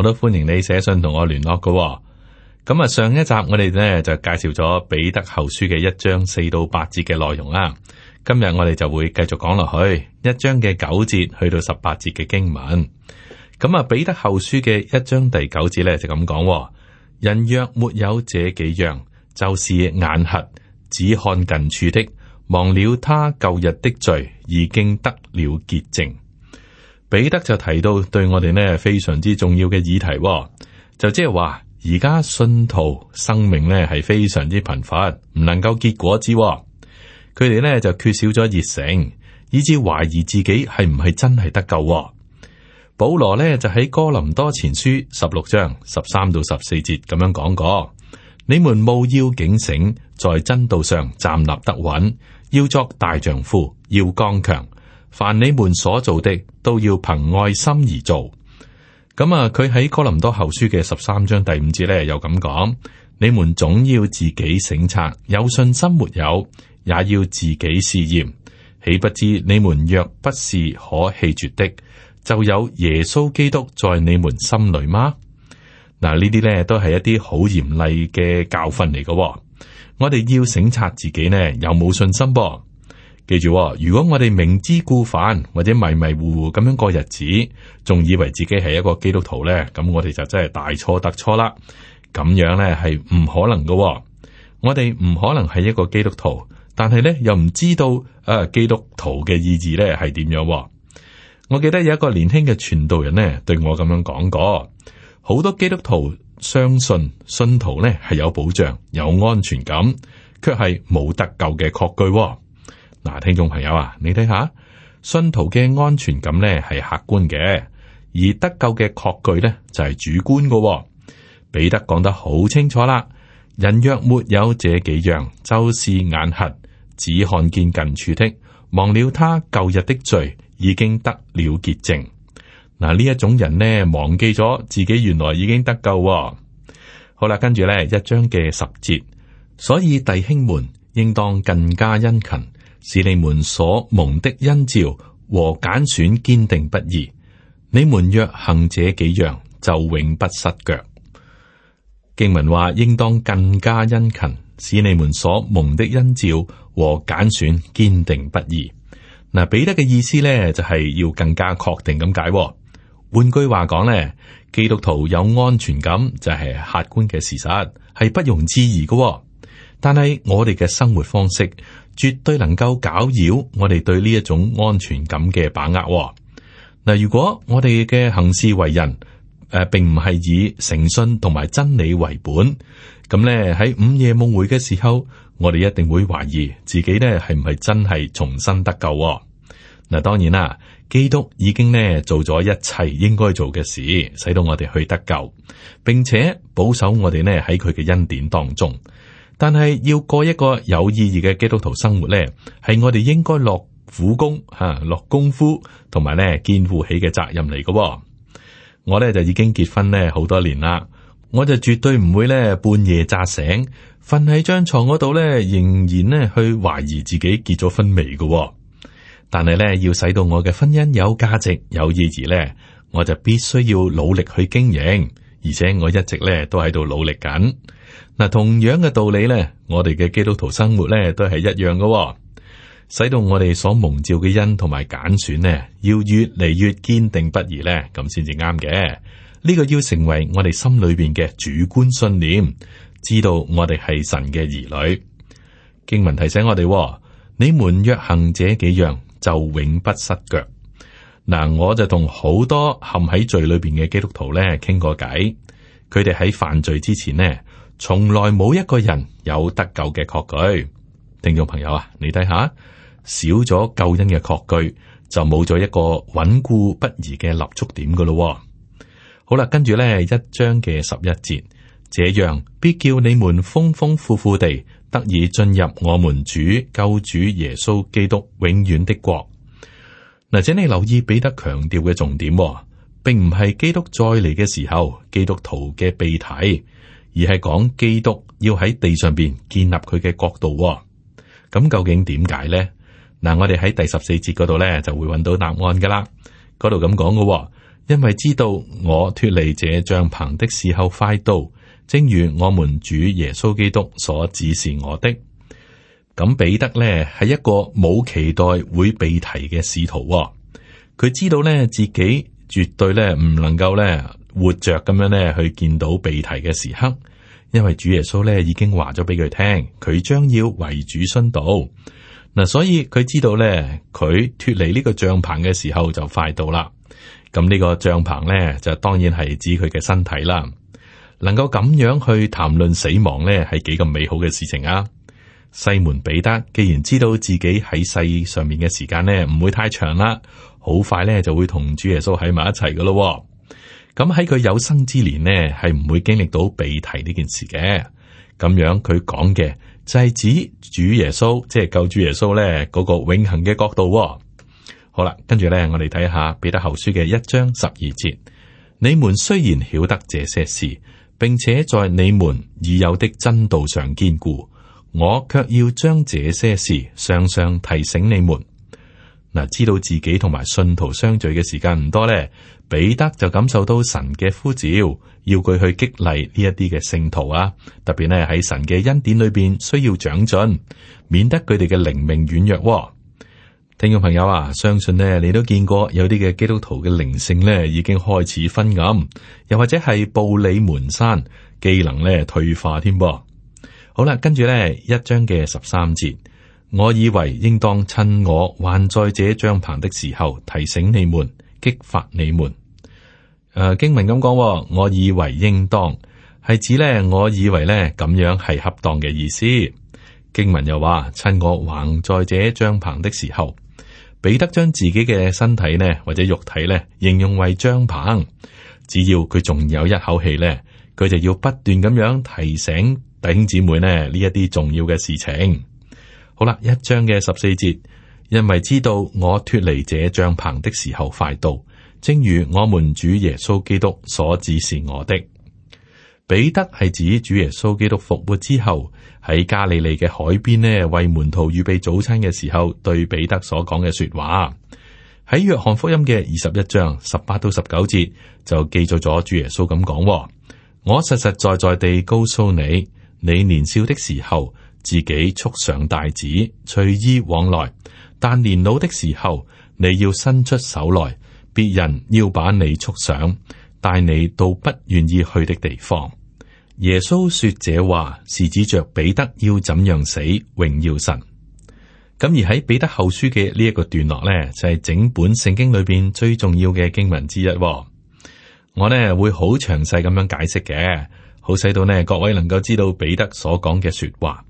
我都歡迎你寫信同我聯絡嘅。咁啊，上一集我哋呢就介紹咗彼得後書嘅一章四到八節嘅內容啦。今日我哋就會繼續講落去一章嘅九節去到十八節嘅經文。咁啊，彼得後書嘅一章第九節呢，就咁講：人若沒有這幾樣，就是眼瞎，只看近處的，忘了他舊日的罪，已經得了潔淨。彼得就提到對我哋呢非常之重要嘅議題，哦，就即係話而家信徒生命呢係非常之貧乏，唔能夠結果子，哦，佢哋呢就缺少咗熱誠，以至懷疑自己係唔係真係得救，哦。保羅呢就喺哥林多前書十六章十三到十四節咁樣講過：「你們務要警醒，在真道上站立得穩，要作大丈夫，要剛強。」凡你們所做的，都要憑愛心而做。咁啊，佢喺哥林多後書嘅十三章第五節咧，有咁講：你們總要自己省察，有信心沒有，也要自己試驗。豈不知你們若不是可棄絕的，就有耶穌基督在你們心裏嗎？嗱，呢啲咧都係一啲好嚴厲嘅教訓嚟嘅，我哋要省察自己咧，有冇信心噃？記住，如果我哋明知故犯或者迷迷糊糊咁樣過日子，仲以為自己係一個基督徒呢，咁我哋就真係大錯特錯啦。咁樣呢係唔可能㗎，我哋唔可能係一個基督徒，但係呢又唔知道誒、呃、基督徒嘅意志呢係點樣。我記得有一個年輕嘅傳道人呢對我咁樣講過，好多基督徒相信信徒呢係有保障、有安全感，卻係冇得救嘅確據。嗱，聽眾朋友啊，你睇下，信徒嘅安全感咧係客觀嘅，而得救嘅確據咧就係主觀嘅、哦。彼得講得好清楚啦，人若沒有這幾樣，就是眼瞎，只看見近處的，忘了他舊日的罪已經得了潔淨。嗱，呢一種人咧忘記咗自己原來已經得救。好啦，跟住咧一章嘅十節，所以弟兄們應當更加殷勤。使你們所蒙的恩召和揀選堅定不移。你們若行這幾樣，就永不失腳。經文話，應當更加殷勤，使你們所蒙的恩召和揀選堅定不移。嗱，彼得嘅意思咧就係要更加確定咁解。換句話講咧，基督徒有安全感就係客觀嘅事實，係不容置疑嘅。但係我哋嘅生活方式，絕對能夠搞擾我哋對呢一種安全感嘅把握、哦。嗱，如果我哋嘅行事為人誒、呃，並唔係以誠信同埋真理為本，咁咧喺午夜夢回嘅時候，我哋一定會懷疑自己咧係唔係真係重生得救、哦。嗱，當然啦，基督已經呢做咗一切應該做嘅事，使到我哋去得救，並且保守我哋呢喺佢嘅恩典當中。但係要過一個有意義嘅基督徒生活呢係我哋應該落苦功吓、啊，落功夫同埋呢肩負起嘅責任嚟噶、哦。我呢就已經結婚呢好多年啦，我就絕對唔會呢半夜扎醒，瞓喺張床嗰度呢，仍然呢去懷疑自己結咗婚未噶但係呢要使到我嘅婚姻有價值、有意義呢，我就必須要努力去經營，而且我一直呢都喺度努力緊。嗱，同樣嘅道理咧，我哋嘅基督徒生活咧都係一樣嘅，使到我哋所蒙照嘅恩同埋揀選呢，要越嚟越堅定不移咧，咁先至啱嘅。呢個要成為我哋心裏邊嘅主觀信念，知道我哋係神嘅兒女。經文提醒我哋，你們若行這幾樣，就永不失腳。嗱，我就同好多陷喺罪裏邊嘅基督徒咧傾過偈，佢哋喺犯罪之前呢。從來冇一個人有得救嘅確據，聽眾朋友啊，你睇下，少咗救恩嘅確據，就冇咗一個穩固不移嘅立足點噶咯。好啦，跟住咧一章嘅十一節，這樣必叫你們豐豐富富地得以進入我們主救主耶穌基督永遠的國。嗱，請你留意彼得強調嘅重點，並唔係基督再嚟嘅時候，基督徒嘅被提。而係講基督要喺地上邊建立佢嘅國度。哦，咁究竟點解呢？嗱，我哋喺第十四節嗰度咧就會搵到答案噶啦。嗰度咁講嘅，因為知道我脫離這帳篷的時候快到，正如我們主耶穌基督所指示我的。咁彼得咧係一個冇期待會被提嘅使徒。哦，佢知道咧自己絕對咧唔能夠咧。活着咁樣咧，去見到被提嘅時刻，因為主耶穌咧已經話咗俾佢聽，佢將要為主殉道。嗱，所以佢知道咧，佢脱離呢個帳篷嘅時候就快到啦。咁呢個帳篷咧就當然係指佢嘅身體啦。能夠咁樣去談論死亡咧，係幾咁美好嘅事情啊！西門彼得既然知道自己喺世上面嘅時間咧唔會太長啦，好快咧就會同主耶穌喺埋一齊噶咯。咁喺佢有生之年呢，係唔會經歷到被提呢件事嘅。咁樣佢講嘅就係指主耶穌，即係救主耶穌咧嗰個永恆嘅角度。好啦，跟住咧，我哋睇下彼得後書嘅一章十二節：你們雖然曉得這些事，並且在你們已有的真道上堅固，我卻要將這些事常常提醒你們。嗱，知道自己同埋信徒相聚嘅時間唔多咧，彼得就感受到神嘅呼召，要佢去激勵呢一啲嘅聖徒啊，特別咧喺神嘅恩典裏邊需要長進，免得佢哋嘅靈命軟弱。聽眾朋友啊，相信咧你都見過有啲嘅基督徒嘅靈性咧已經開始昏暗，又或者係暴里門山，技能咧退化添噃。好啦，跟住咧一章嘅十三節。我以為應當趁我還在這帳棚的時候提醒你們，激發你們。誒、呃，經文咁講，我以為應當係指咧，我以為咧咁樣係恰當嘅意思。經文又話，趁我還在這帳棚的時候，彼得將自己嘅身體呢，或者肉體咧，形容為帳棚，只要佢仲有一口氣咧，佢就要不斷咁樣提醒弟兄姊妹呢，呢一啲重要嘅事情。好啦，一章嘅十四節，因為知道我脫離這帳棚的時候快到，正如我們主耶穌基督所指示我的。彼得係指主耶穌基督復活之後喺加利利嘅海邊呢，為門徒預備備早餐嘅時候對彼得所講嘅說話。喺約翰福音嘅二十一章十八到十九節就記載咗主耶穌咁講、哦：我實實在在地告訴你，你年少的時候。自己束上大子，隨意往來。但年老的時候，你要伸出手來，別人要把你束上，帶你到不願意去的地方。耶穌說這話是指着彼得要怎樣死，榮耀神。咁而喺彼得後書嘅呢一個段落呢，就係、是、整本聖經裏邊最重要嘅經文之一。我呢會好詳細咁樣解釋嘅，好使到呢各位能夠知道彼得所講嘅說話。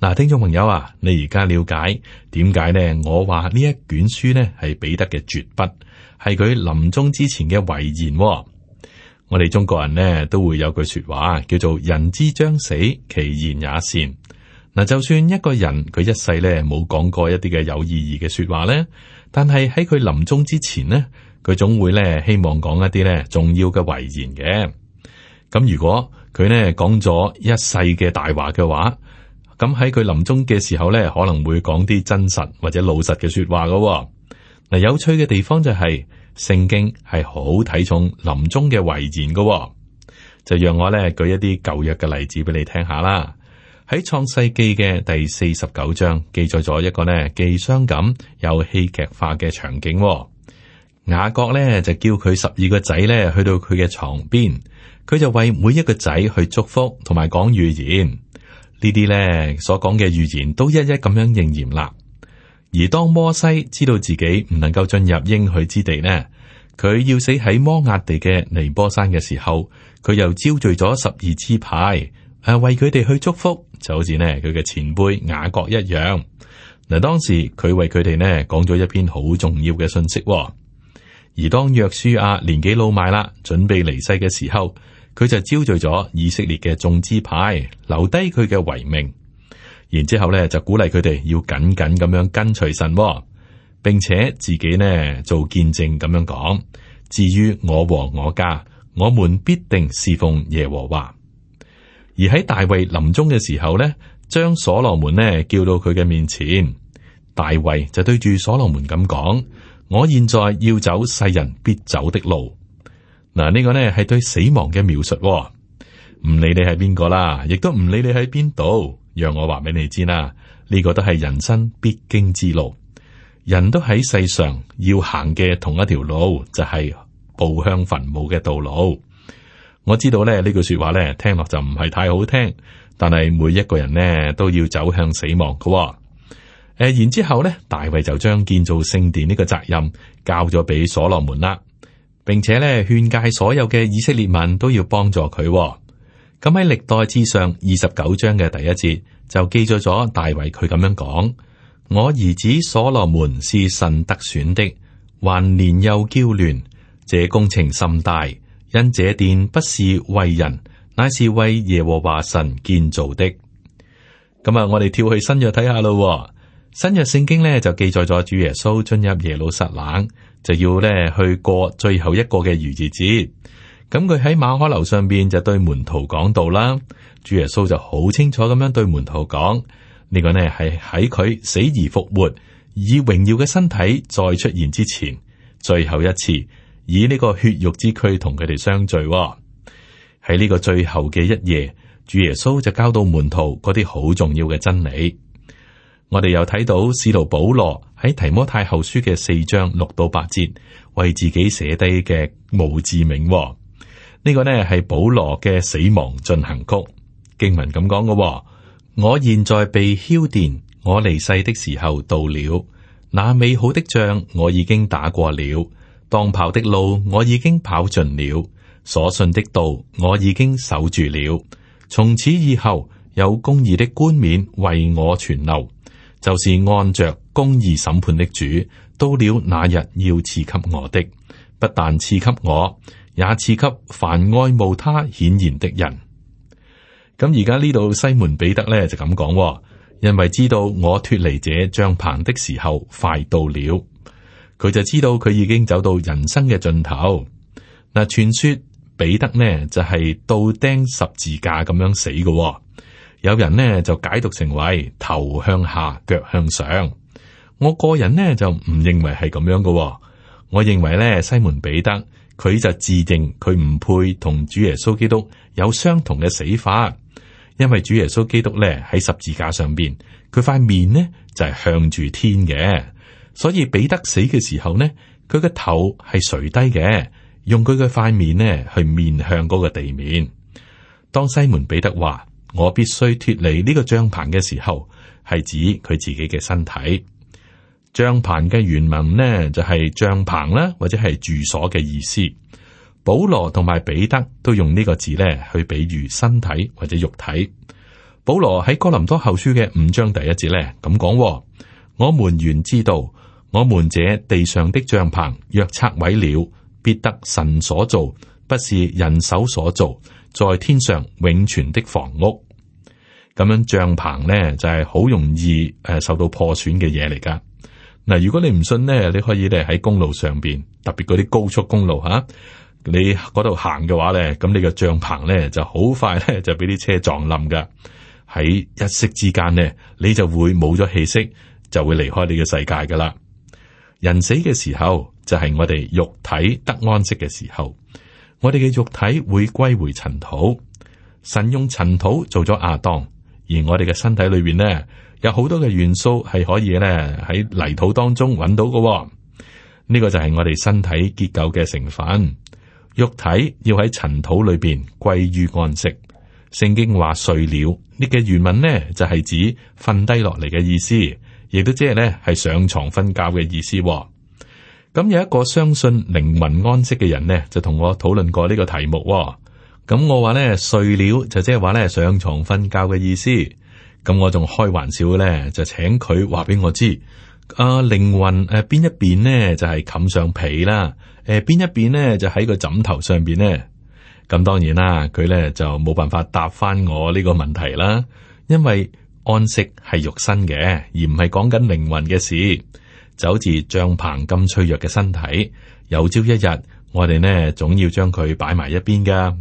嗱，聽眾朋友啊，你而家了解點解咧？我話呢一卷書咧係彼得嘅絕筆，係佢臨終之前嘅遺言。我哋中國人咧都會有句說話，叫做人之將死，其言也善。嗱，就算一個人佢一世咧冇講過一啲嘅有意義嘅說話咧，但係喺佢臨終之前咧，佢總會咧希望講一啲咧重要嘅遺言嘅。咁如果佢咧講咗一世嘅大話嘅話，咁喺佢臨終嘅時候呢，可能會講啲真實或者老實嘅說話㗎喎。嗱，有趣嘅地方就係、是、聖經係好睇重臨終嘅遺言㗎喎，就讓我呢舉一啲舊約嘅例子俾你聽下啦。喺創世記嘅第四十九章記載咗一個呢既傷感又戲劇化嘅場景喎。雅各呢就叫佢十二個仔呢去到佢嘅床邊，佢就為每一個仔去祝福同埋講預言。呢啲呢所講嘅預言都一一咁樣應驗啦。而當摩西知道自己唔能夠進入應許之地呢，佢要死喺摩押地嘅尼波山嘅時候，佢又招聚咗十二支派，誒為佢哋去祝福，就好似呢佢嘅前輩雅各一樣。嗱，當時佢為佢哋呢講咗一篇好重要嘅信息。而當約書亞年紀老邁啦，準備離世嘅時候，佢就招聚咗以色列嘅眾支派，留低佢嘅遺命，然之後咧就鼓勵佢哋要緊緊咁樣跟隨神噃，並且自己呢做見證咁樣講。至於我和我家，我們必定侍奉耶和華。而喺大衛臨終嘅時候咧，將所羅門呢叫到佢嘅面前，大衛就對住所羅門咁講：我現在要走世人必走的路。嗱，呢個呢係對死亡嘅描述哦，唔理你係邊個啦，亦都唔理你喺邊度，讓我話俾你知啦。呢個都係人生必經之路，人都喺世上要行嘅同一條路，就係步向墳墓嘅道路。我知道咧呢句說話呢，聽落就唔係太好聽，但係每一個人呢都要走向死亡嘅。誒，然之後咧大衛就將建造聖殿呢個責任交咗俾所羅門啦。並且咧勸誡所有嘅以色列民都要幫助佢，哦。咁喺歷代志上二十九章嘅第一節就記載咗大衛佢咁樣講：我兒子所羅門是神特選的，還年幼嬌嫩，這工程甚大，因這殿不是為人，乃是為耶和華神建造的。咁啊，我哋跳去新約睇下咯。新約聖經咧就記載咗主耶穌進入耶路撒冷。就要咧去過最後一個嘅逾越節，咁佢喺馬可樓上邊就對門徒講道啦。主耶穌就好清楚咁樣對門徒講，呢、呢個呢，係喺佢死而復活，以榮耀嘅身體再出現之前，最後一次以呢個血肉之軀同佢哋相聚。喺呢個最後嘅一夜，主耶穌就交到門徒嗰啲好重要嘅真理。我哋又睇到使徒保羅喺提摩太後書嘅四章六到八節，為自己寫低嘅墓誌銘、哦。呢、呢個呢係保羅嘅死亡進行曲經文，咁講嘅。我現在被澆奠，我離世的時候到了。那美好的仗我已經打過了，當跑的路我已經跑盡了，所信的道我已經守住了。從此以後，有公義的冠冕為我存留。就是按着公義審判的主，到了那日要賜給我的，不但賜給我，也賜給凡愛慕他顯現的人。咁而家呢度西門彼得呢，就咁講、哦，因為知道我脱離這帳棚的時候快到了，佢就知道佢已經走到人生嘅盡頭。嗱，傳說彼得呢，就係倒釘十字架咁樣死嘅、哦。有人呢就解讀成為頭向下，腳向上。我個人呢就唔認為係咁樣噶喎。我認為咧，西門彼得佢就自認佢唔配同主耶穌基督有相同嘅死法，因為主耶穌基督咧喺十字架上邊，佢塊面呢就係、是、向住天嘅，所以彼得死嘅時候呢，佢嘅頭係垂低嘅，用佢嘅塊面呢去面向嗰個地面。當西門彼得話。我必須脫離呢個帳棚嘅時候，係指佢自己嘅身體。帳棚嘅原文呢就係帳棚啦，或者係住所嘅意思。保羅同埋彼得都用呢個字咧去比喻身體或者肉體。保羅喺哥林多後書嘅五章第一節咧咁講：我們原知道，我們這地上的帳棚若拆毀了，必得神所造，不是人手所造。在天上永存的房屋，咁樣帳篷呢，就係好容易誒受到破損嘅嘢嚟噶。嗱，如果你唔信呢，你可以咧喺公路上邊，特別嗰啲高速公路吓，你嗰度行嘅話咧，咁你個帳篷咧就好快咧就俾啲車撞冧噶。喺一息之間呢，你就會冇咗氣息，就會離開呢個世界噶啦。人死嘅時候，就係我哋肉體得安息嘅時候。我哋嘅肉體會歸回塵土，神用塵土做咗亞當，而我哋嘅身體裏邊咧，有好多嘅元素係可以咧喺泥土當中揾到嘅、哦，呢、這個就係我哋身體結構嘅成分。肉體要喺塵土裏邊歸於安息。聖經話睡了，呢、這個原文咧就係指瞓低落嚟嘅意思，亦都即係咧係上床瞓覺嘅意思、哦。咁有一個相信靈魂安息嘅人咧，就同我討論過呢個題目、哦。咁我話咧睡了就即係話咧上床瞓覺嘅意思。咁我仲開玩笑咧，就請佢話俾我知，阿、啊、靈魂誒邊、啊、一邊呢，就係、是、冚上被啦，誒、啊、邊一邊呢，就喺、是、個枕頭上邊呢。咁當然啦，佢咧就冇辦法答翻我呢個問題啦，因為安息係肉身嘅，而唔係講緊靈魂嘅事。就好似帳篷咁脆弱嘅身體，有朝一日我哋呢，總要將佢擺埋一邊噶。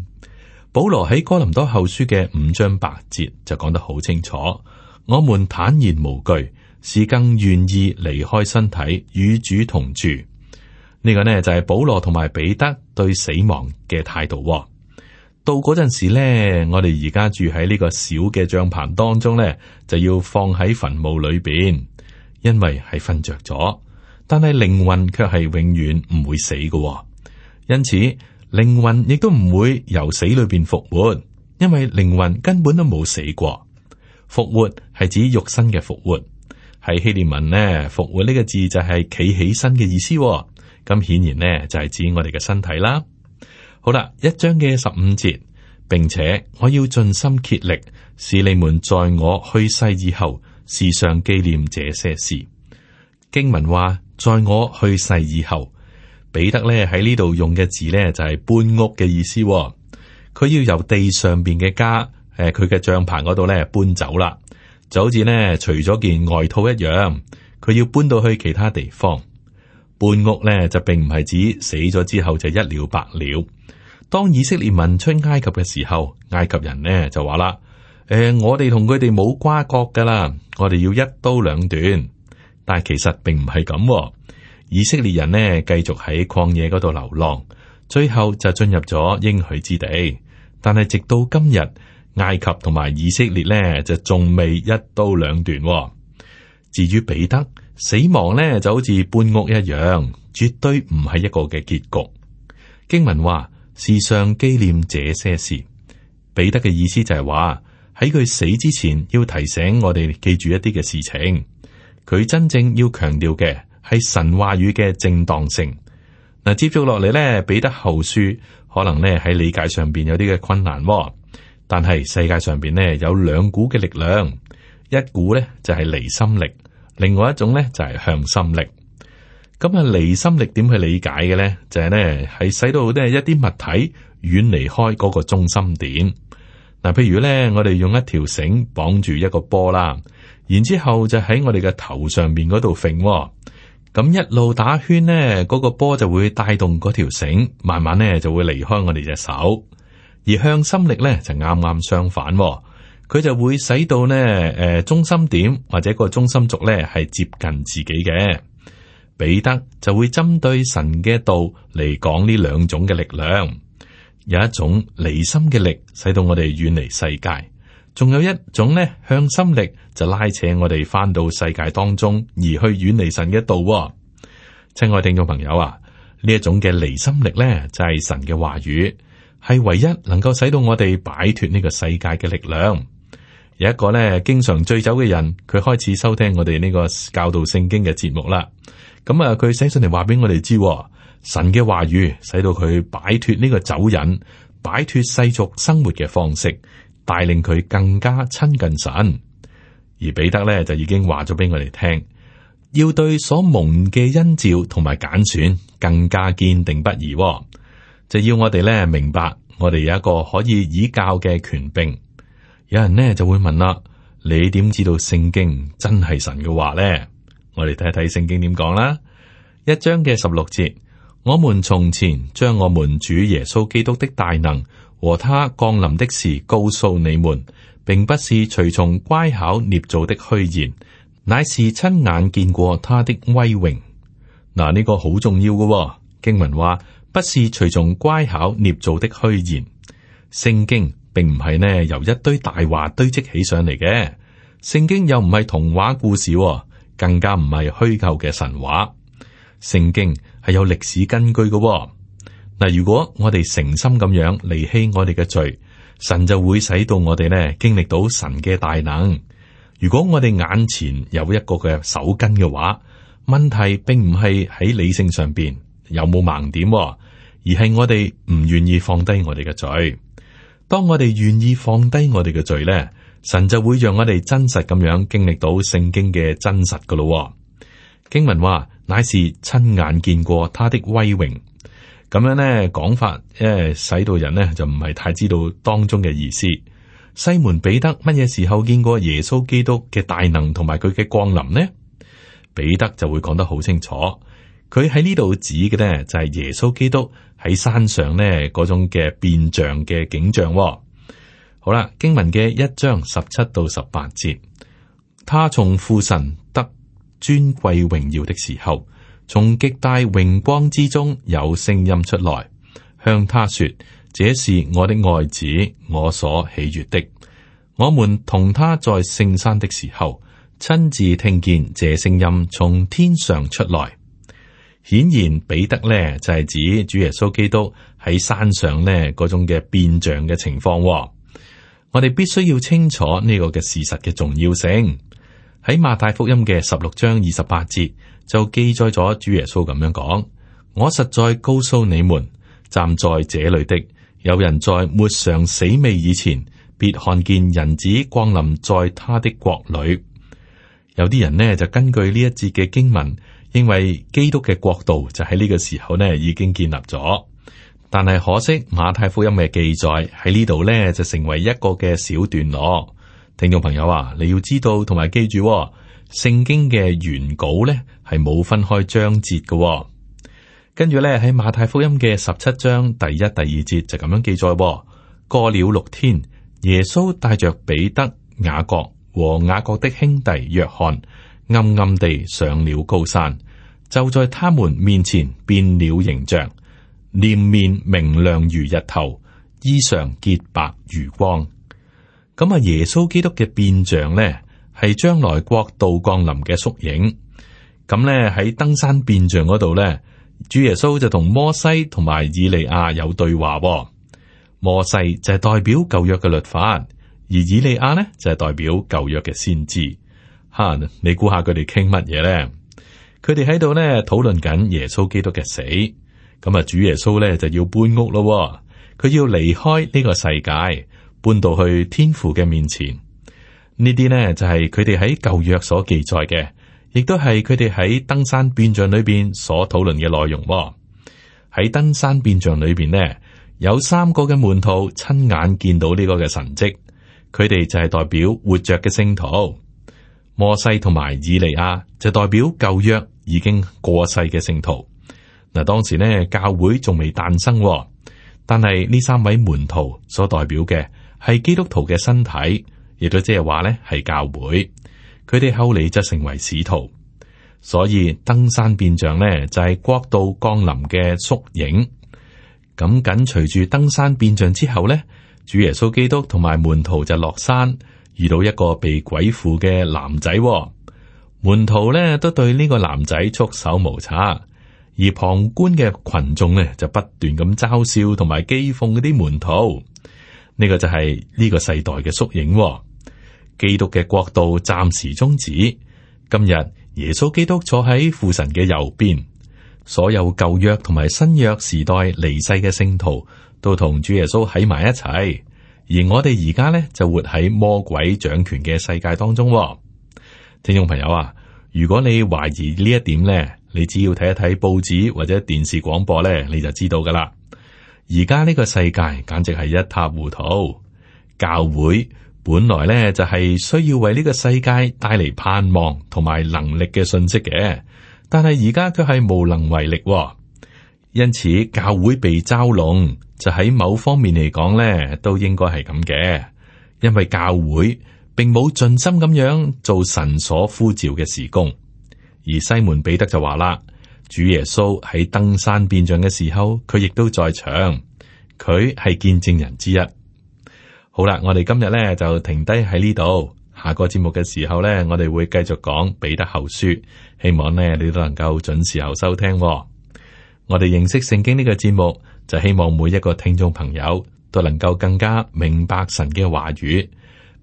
保羅喺哥林多後書嘅五章八節就講得好清楚，我們坦然無懼，是更願意離開身體與主同住。呢個呢就係保羅同埋彼得對死亡嘅態度。到嗰陣時呢，我哋而家住喺呢個小嘅帳篷當中呢，就要放喺墳墓裏邊。因為係瞓着咗，但係靈魂卻係永遠唔會死嘅，哦，因此靈魂亦都唔會由死裏邊復活，因為靈魂根本都冇死過。復活係指肉身嘅復活，喺希臘文呢「復活」呢個字就係企起身嘅意思，哦，咁顯然呢，就係、是、指我哋嘅身體啦。好啦，一章嘅十五節，並且我要盡心竭力，使你們在我去世以後。時常紀念這些事。經文話，在我去世以後，彼得咧喺呢度用嘅字咧就係搬屋嘅意思。佢要由地上邊嘅家，誒佢嘅帳棚嗰度咧搬走啦，就好似呢除咗件外套一樣，佢要搬到去其他地方。搬屋咧就並唔係指死咗之後就一了百了。當以色列民出埃及嘅時候，埃及人呢，就話啦。誒、呃，我哋同佢哋冇瓜葛噶啦，我哋要一刀兩斷。但係其實並唔係咁，以色列人呢繼續喺曠野嗰度流浪，最後就進入咗應許之地。但係直到今日，埃及同埋以色列呢就仲未一刀兩斷、哦。至於彼得死亡呢，就好似搬屋一樣，絕對唔係一個嘅結局。經文話時常紀念這些事，彼得嘅意思就係話。喺佢死之前，要提醒我哋記住一啲嘅事情。佢真正要強調嘅係神話語嘅正當性。嗱，接續落嚟咧，彼得後書可能咧喺理解上邊有啲嘅困難。但係世界上邊咧有兩股嘅力量，一股咧就係離心力，另外一種咧就係向心力。咁啊，離心力點去理解嘅咧，就係咧係使到咧一啲物體遠離開嗰個中心點。嗱，譬如咧，我哋用一條繩綁住一個波啦，然之後就喺我哋嘅頭上面嗰度揈，咁一路打圈呢，嗰個波就會帶動嗰條繩，慢慢咧就會離開我哋隻手，而向心力咧就啱啱相反，佢就會使到呢誒，中心點或者個中心軸咧係接近自己嘅，彼得就會針對神嘅道嚟講呢兩種嘅力量。有一種離心嘅力，使到我哋遠離世界，仲有一種咧向心力，就拉扯我哋返到世界當中，而去遠離神嘅道哦。親愛聽眾朋友啊，呢一種嘅離心力咧，就係神嘅話語，係唯一能夠使到我哋擺脫呢個世界嘅力量。有一個咧經常醉酒嘅人，佢開始收聽我哋呢個教導聖經嘅節目啦。咁啊，佢寫信嚟話俾我哋知喎。神嘅話語使到佢擺脫呢個酒癮，擺脫世俗生活嘅方式，帶領佢更加親近神。而彼得咧就已經話咗俾我哋聽，要對所蒙嘅恩召同埋揀選更加堅定不移。就要我哋咧明白，我哋有一個可以倚靠嘅權柄。有人咧就會問啦：你點知道聖經真係神嘅話咧？我哋睇睇聖經點講啦，一章嘅十六節。我們從前將我們主耶穌基督的大能和他降臨的事告訴你們，並不是隨從乖巧捏造的虛言，乃是親眼見過他的威榮。嗱、啊，呢、這個好重要嘅，哦、經文話，不是隨從乖巧捏造的虛言。聖經並唔係呢由一堆大話堆積起上嚟嘅，聖經又唔係童話故事，哦，更加唔係虛構嘅神話。聖經。係有歷史根據㗎喎。嗱，如果我哋誠心咁樣離棄我哋嘅罪，神就會使到我哋咧經歷到神嘅大能。如果我哋眼前有一個嘅手根嘅話，問題並唔係喺理性上邊有冇盲點，而係我哋唔願意放低我哋嘅罪。當我哋願意放低我哋嘅罪咧，神就會讓我哋真實咁樣經歷到聖經嘅真實噶咯。經文話。乃是親眼見過他的威榮，咁樣呢講法，因為使到人呢就唔係太知道當中嘅意思。西門彼得乜嘢時候見過耶穌基督嘅大能同埋佢嘅降臨呢？彼得就會講得好清楚，佢喺呢度指嘅呢就係耶穌基督喺山上呢嗰種嘅變象嘅景象。好啦，經文嘅一章十七到十八節，他從父神。尊貴榮耀的時候，從極大榮光之中有聲音出來，向他說：這是我的愛子，我所喜悦的。我們同他在聖山的時候，親自聽見這聲音從天上出來。顯然彼得呢，就係是指主耶穌基督喺山上呢嗰種嘅變象嘅情況哦。我哋必須要清楚呢個嘅事實嘅重要性。喺馬太福音嘅十六章二十八節就記載咗主耶穌咁樣講：我實在告訴你們，站在這裏的有人在沒嘗死味以前，必看見人子降臨在他的國裏。有啲人呢就根據呢一節嘅經文，認為基督嘅國度就喺呢個時候呢已經建立咗。但係可惜，馬太福音嘅記載喺呢度呢就成為一個嘅小段落。聽眾朋友啊，你要知道同埋記住、哦，聖經嘅原稿咧係冇分開章節嘅、哦。跟住咧喺馬太福音嘅十七章第一、第二節就咁樣記載、哦：過了六天，耶穌帶着彼得、雅各和雅各的兄弟約翰，暗暗地上了高山，就在他們面前變了形象，臉面明亮如日頭，衣裳潔白如光。咁啊，耶穌基督嘅變像咧，係將來國度降臨嘅縮影。咁咧喺登山變像嗰度咧，主耶穌就同摩西同埋以利亞有對話。摩西就係代表舊約嘅律法，而以利亞咧就係代表舊約嘅先知。吓，你估下佢哋傾乜嘢咧？佢哋喺度咧討論緊耶穌基督嘅死。咁啊，主耶穌咧就要搬屋咯，佢要離開呢個世界。搬到去天父嘅面前，呢啲呢，就係佢哋喺舊約所記載嘅，亦都係佢哋喺登山變像裏邊所討論嘅內容。喺登山變像裏邊呢，有三個嘅門徒親眼見到呢個嘅神蹟，佢哋就係代表活着嘅聖徒；摩西同埋以利亞就代表舊約已經過世嘅聖徒。嗱，當時呢教會仲未誕生，但係呢三位門徒所代表嘅。係基督徒嘅身體，亦都即係話咧，係教會。佢哋後嚟就成為使徒，所以登山變像咧就係、是、國度降臨嘅縮影。咁緊隨住登山變像之後咧，主耶穌基督同埋門徒就落山，遇到一個被鬼附嘅男仔。門徒咧都對呢個男仔束手無策，而旁觀嘅群眾咧就不斷咁嘲笑同埋譏諷嗰啲門徒。呢個就係呢個世代嘅縮影喎，基督嘅國度暫時終止。今日耶穌基督坐喺父神嘅右邊，所有舊約同埋新約時代離世嘅聖徒都同主耶穌喺埋一齊。而我哋而家呢，就活喺魔鬼掌權嘅世界當中喎。聽眾朋友啊，如果你懷疑呢一點呢，你只要睇一睇報紙或者電視廣播呢，你就知道噶啦。而家呢個世界簡直係一塌糊塗，教會本來咧就係需要為呢個世界帶嚟盼望同埋能力嘅信息嘅，但係而家卻係無能為力。因此教會被嘲弄，就喺某方面嚟講咧都應該係咁嘅，因為教會並冇盡心咁樣做神所呼召嘅事工。而西門彼得就話啦。主耶穌喺登山變像嘅時候，佢亦都在場，佢係見證人之一。好啦，我哋今日咧就停低喺呢度，下個節目嘅時候咧，我哋會繼續講彼得後書，希望咧你都能夠準時候收聽哦。我哋認識聖經呢個節目，就希望每一個聽眾朋友都能夠更加明白神嘅話語，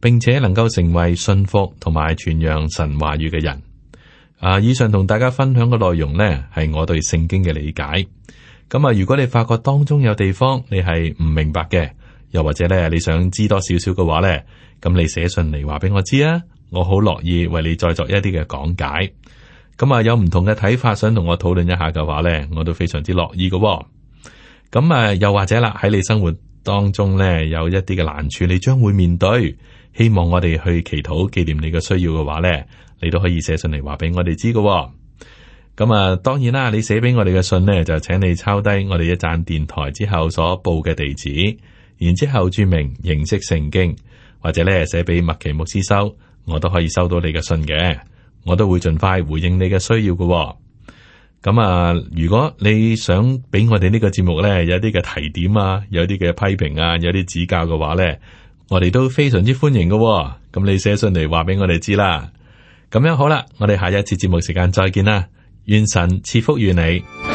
並且能夠成為信服同埋傳揚神話語嘅人。啊！以上同大家分享嘅內容呢，係我對聖經嘅理解。咁啊，如果你發覺當中有地方你係唔明白嘅，又或者咧你想知多少少嘅話呢，咁你寫信嚟話俾我知啊，我好樂意為你再作一啲嘅講解。咁啊，有唔同嘅睇法想同我討論一下嘅話呢，我都非常之樂意噶。咁啊，又或者啦，喺你生活當中呢，有一啲嘅難處你將會面對，希望我哋去祈禱紀念你嘅需要嘅話呢。你都可以寫信嚟話俾我哋知噶。咁啊，當然啦，你寫俾我哋嘅信呢，就請你抄低我哋一站電台之後所報嘅地址，然之後注明認識聖經，或者咧寫俾麥奇牧師收，我都可以收到你嘅信嘅。我都會盡快回應你嘅需要噶。咁啊，如果你想俾我哋呢個節目呢，有啲嘅提點啊，有啲嘅批評啊，有啲指教嘅話呢，我哋都非常之歡迎噶。咁你寫信嚟話俾我哋知啦。咁樣好啦，我哋下一次節目時間再見啦，願神賜福與你。